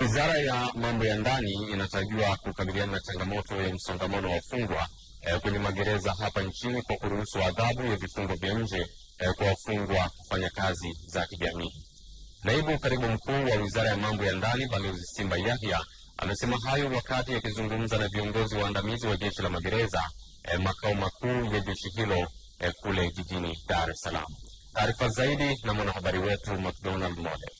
Wizara ya mambo ya ndani inatarajiwa kukabiliana na changamoto ya msongamano wa wafungwa eh, kwenye magereza hapa nchini kwa kuruhusu adhabu ya vifungo vya nje eh, kwa wafungwa kufanya kazi za kijamii. Naibu katibu mkuu wa wizara ya mambo ya ndani Balozi Simba Yahya amesema hayo wakati akizungumza na viongozi waandamizi wa jeshi la magereza eh, makao makuu ya jeshi hilo eh, kule jijini Dar es Salaam. Taarifa zaidi na mwanahabari wetu McDonald Mode.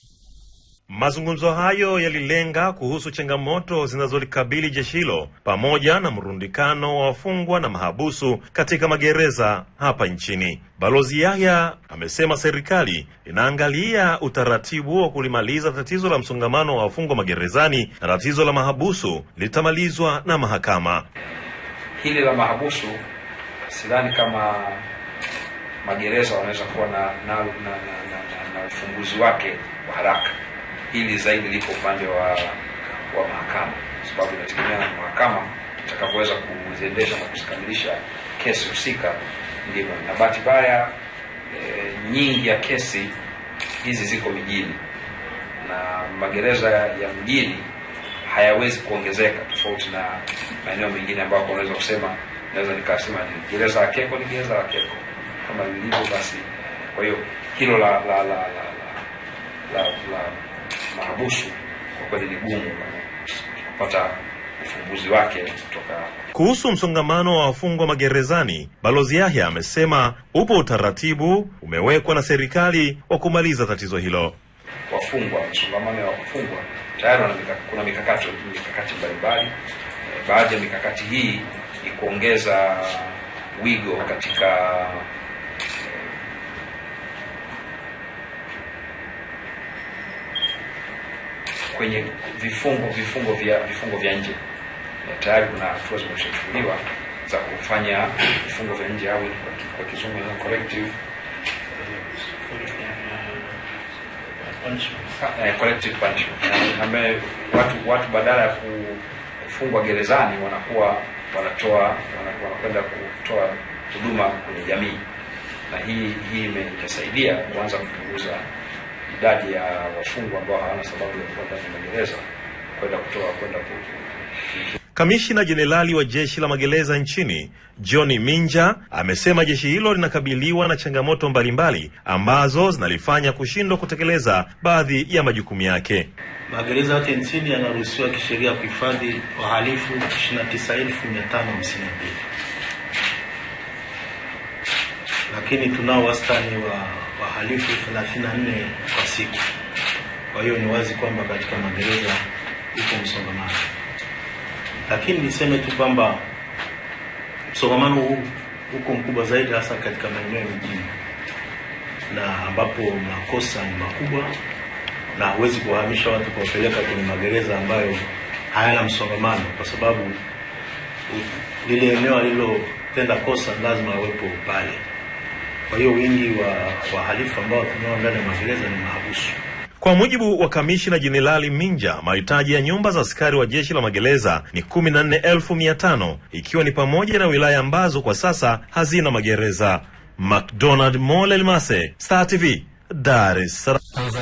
Mazungumzo hayo yalilenga kuhusu changamoto zinazolikabili jeshi hilo pamoja na mrundikano wa wafungwa na mahabusu katika magereza hapa nchini. Balozi Yahya amesema serikali inaangalia utaratibu wa kulimaliza tatizo la msongamano wa wafungwa magerezani na tatizo la mahabusu litamalizwa na mahakama. Hili la mahabusu sidhani kama magereza wanaweza kuwa na, na, na, na, na, na, na ufunguzi wake wa haraka hili zaidi liko upande wa wa mahakama, sababu inategemea na mahakama itakavyoweza kuziendesha na kuzikamilisha kesi husika. ndivyo na bahati mbaya e, nyingi ya kesi hizi ziko mijini na magereza ya mjini hayawezi kuongezeka tofauti na maeneo mengine ambayo unaweza kusema naweza nikasema ni gereza la Keko ni gereza la Keko kama lilivyo basi. Kwa hiyo hilo la la la la, la, la, la mahabusu kwa kweli ni gumu kupata ufumbuzi wake kutoka. Kuhusu msongamano wa wafungwa magerezani, Balozi Yahya amesema upo utaratibu umewekwa na serikali wa kumaliza tatizo hilo. Wafungwa, msongamano wa wafungwa tayari kuna mikakati mikakati mbalimbali. Eh, baadhi ya mikakati hii ni kuongeza wigo katika kwenye vifungo vifungo vya vifungo vya nje tayari kuna hatua zimeshachukuliwa za kufanya vifungo vya nje au kwa kizungu eh, na collective collective punishment ambaye watu watu badala ya kufungwa gerezani wanakuwa wanatoa wanakwenda kutoa huduma kwenye jamii, na hii hii imetusaidia kuanza kupunguza idadi ya wafungwa ambao hawana sababu ya kwenda magereza kwenda kutoa kwenda Kamishina Jenerali wa jeshi la magereza nchini John Minja amesema jeshi hilo linakabiliwa na changamoto mbalimbali ambazo zinalifanya kushindwa kutekeleza baadhi ya majukumu yake. Magereza yote nchini yanaruhusiwa kisheria kuhifadhi wahalifu 29,552 lakini tunao wastani wa wahalifu 34 kwa siku. Kwa hiyo ni wazi kwamba katika magereza uko msongamano, lakini niseme tu kwamba msongamano huu uko mkubwa zaidi hasa katika maeneo ya mjini na ambapo makosa ni makubwa, na huwezi kuwahamisha watu kuwapeleka kwenye magereza ambayo hayana msongamano, kwa sababu lile eneo alilotenda kosa lazima awepo pale. Kwa hiyo wingi wa wahalifu ambao tunao ndani ya magereza ni mahabusu. Kwa mujibu wa kamishina Jenerali Minja, mahitaji ya nyumba za askari wa jeshi la magereza ni kumi na nne elfu mia tano ikiwa ni pamoja na wilaya ambazo kwa sasa hazina magereza. Macdonald Molelmase, Star TV, Dar es Salaam.